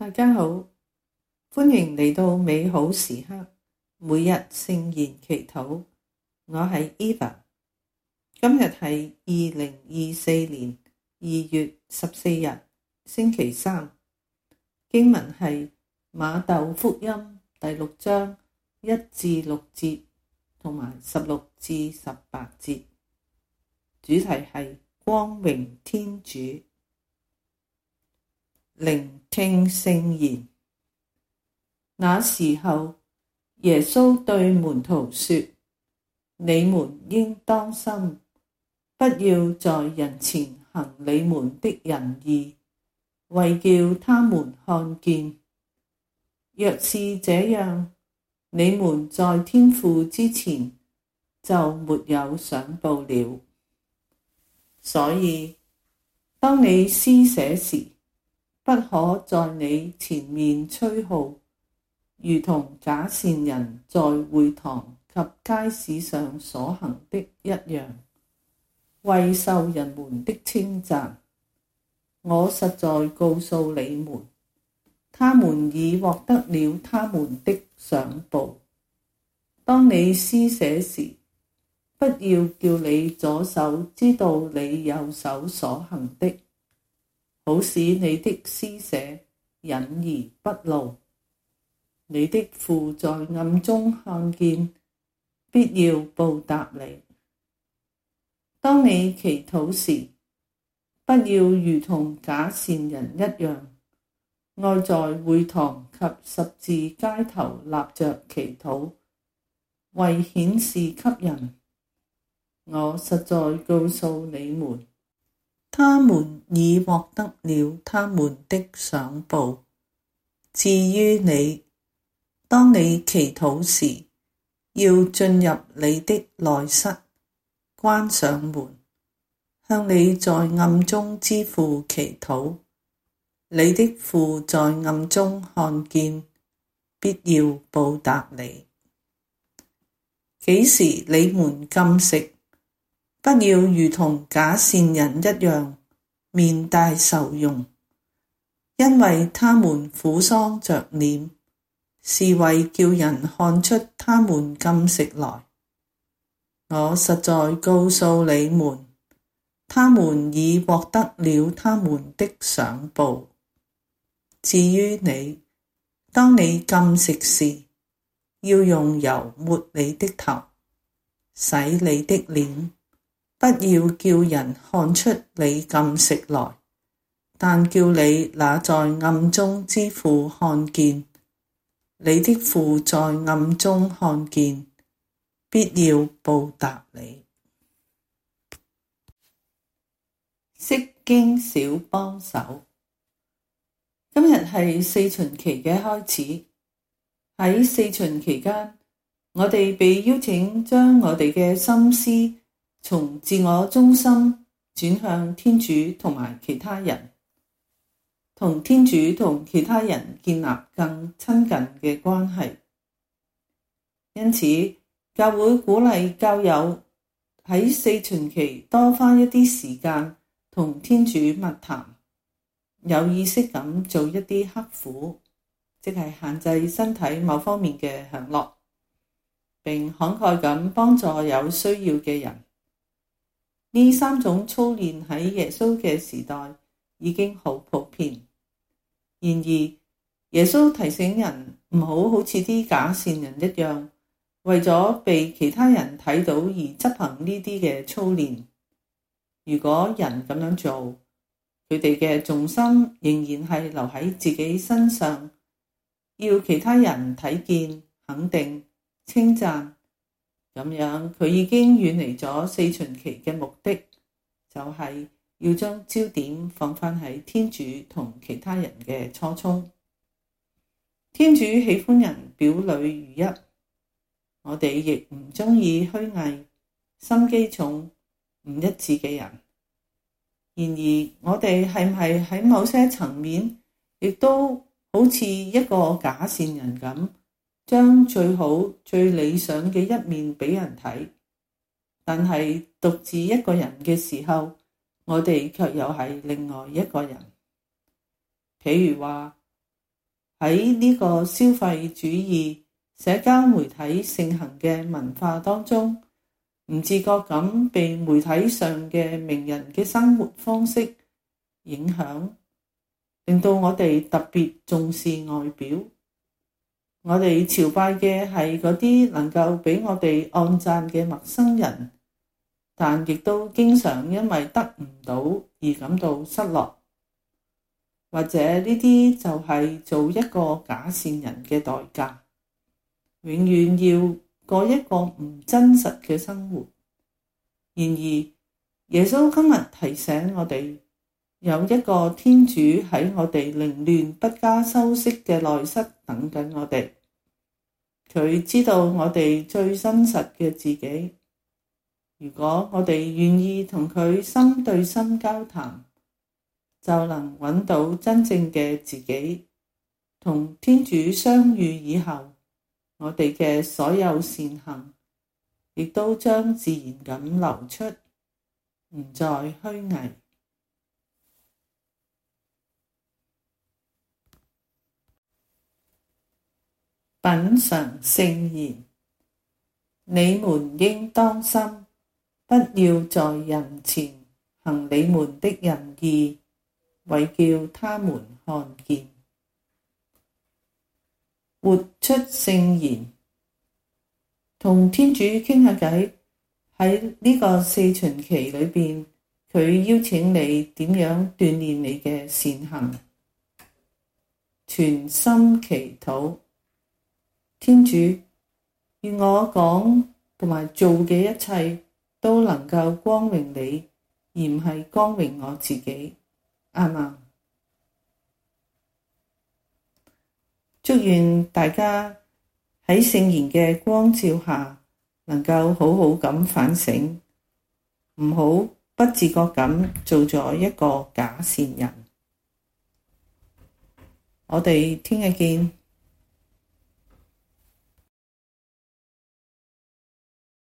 大家好，歡迎嚟到美好時刻，每日聖言祈禱。我係 Eva，今日係二零二四年二月十四日，星期三。經文係馬竇福音第六章一至六節，同埋十六至十八節。主題係光榮天主。聆聽聖言。那時候，耶穌對門徒說：你們應當心，不要在人前行你們的仁義，為叫他們看見。若是這樣，你們在天父之前就沒有賞報了。所以，當你施捨時，不可在你前面吹號，如同假善人在會堂及街市上所行的一樣，為受人們的稱讚。我實在告訴你們，他們已獲得了他們的賞報。當你施捨時，不要叫你左手知道你右手所行的。好使你的施捨隱而不露，你的父在暗中看見，必要報答你。當你祈禱時，不要如同假善人一樣，愛在會堂及十字街頭立着祈禱，為顯示給人。我實在告訴你們。他們已獲得了他們的賞報。至於你，當你祈禱時，要進入你的內室，關上門，向你在暗中之父祈禱。你的父在暗中看見，必要報答你。幾時你們禁食，不要如同假善人一樣，面帶愁容，因為他們苦喪着臉，是為叫人看出他們禁食來。我實在告訴你們，他們已獲得了他們的賞報。至於你，當你禁食時，要用油抹你的頭，洗你的臉。不要叫人看出你禁食來，但叫你那在暗中之父看見，你的父在暗中看見，必要報答你。釋經小幫手，今日係四旬期嘅開始。喺四旬期間，我哋被邀請將我哋嘅心思。從自我中心轉向天主同埋其他人，同天主同其他人建立更親近嘅關係。因此，教會鼓勵教友喺四旬期多花一啲時間同天主密談，有意識咁做一啲刻苦，即係限制身體某方面嘅享樂，並慷慨咁幫助有需要嘅人。呢三種操練喺耶穌嘅時代已經好普遍，然而耶穌提醒人唔好好似啲假善人一樣，為咗被其他人睇到而執行呢啲嘅操練。如果人咁樣做，佢哋嘅重心仍然係留喺自己身上，要其他人睇見、肯定、稱讚。咁樣，佢已經遠離咗四旬期嘅目的，就係、是、要將焦點放返喺天主同其他人嘅初衷。天主喜歡人表裏如一，我哋亦唔鍾意虛偽、心機重、唔一致嘅人。然而，我哋係唔係喺某些層面，亦都好似一個假善人咁？將最好、最理想嘅一面俾人睇，但係獨自一個人嘅時候，我哋卻又係另外一個人。譬如話，喺呢個消費主義、社交媒體盛行嘅文化當中，唔自覺咁被媒體上嘅名人嘅生活方式影響，令到我哋特別重視外表。我哋朝拜嘅係嗰啲能夠俾我哋按讚嘅陌生人，但亦都經常因為得唔到而感到失落，或者呢啲就係做一個假善人嘅代價，永遠要過一個唔真實嘅生活。然而，耶穌今日提醒我哋。有一個天主喺我哋凌亂不加修飾嘅內室等緊我哋，佢知道我哋最真實嘅自己。如果我哋願意同佢心對心交談，就能揾到真正嘅自己。同天主相遇以後，我哋嘅所有善行亦都將自然咁流出，唔再虛偽。品嚐聖言，你們應當心，不要在人前行你們的仁義，為叫他們看見。活出聖言，同天主傾下偈。喺呢個四旬期裏邊，佢邀請你點樣鍛煉你嘅善行？全心祈禱。天主，願我講同埋做嘅一切都能夠光榮你，而唔係光榮我自己。阿們。祝願大家喺聖言嘅光照下，能夠好好咁反省，唔好不自覺咁做咗一個假善人。我哋聽日見。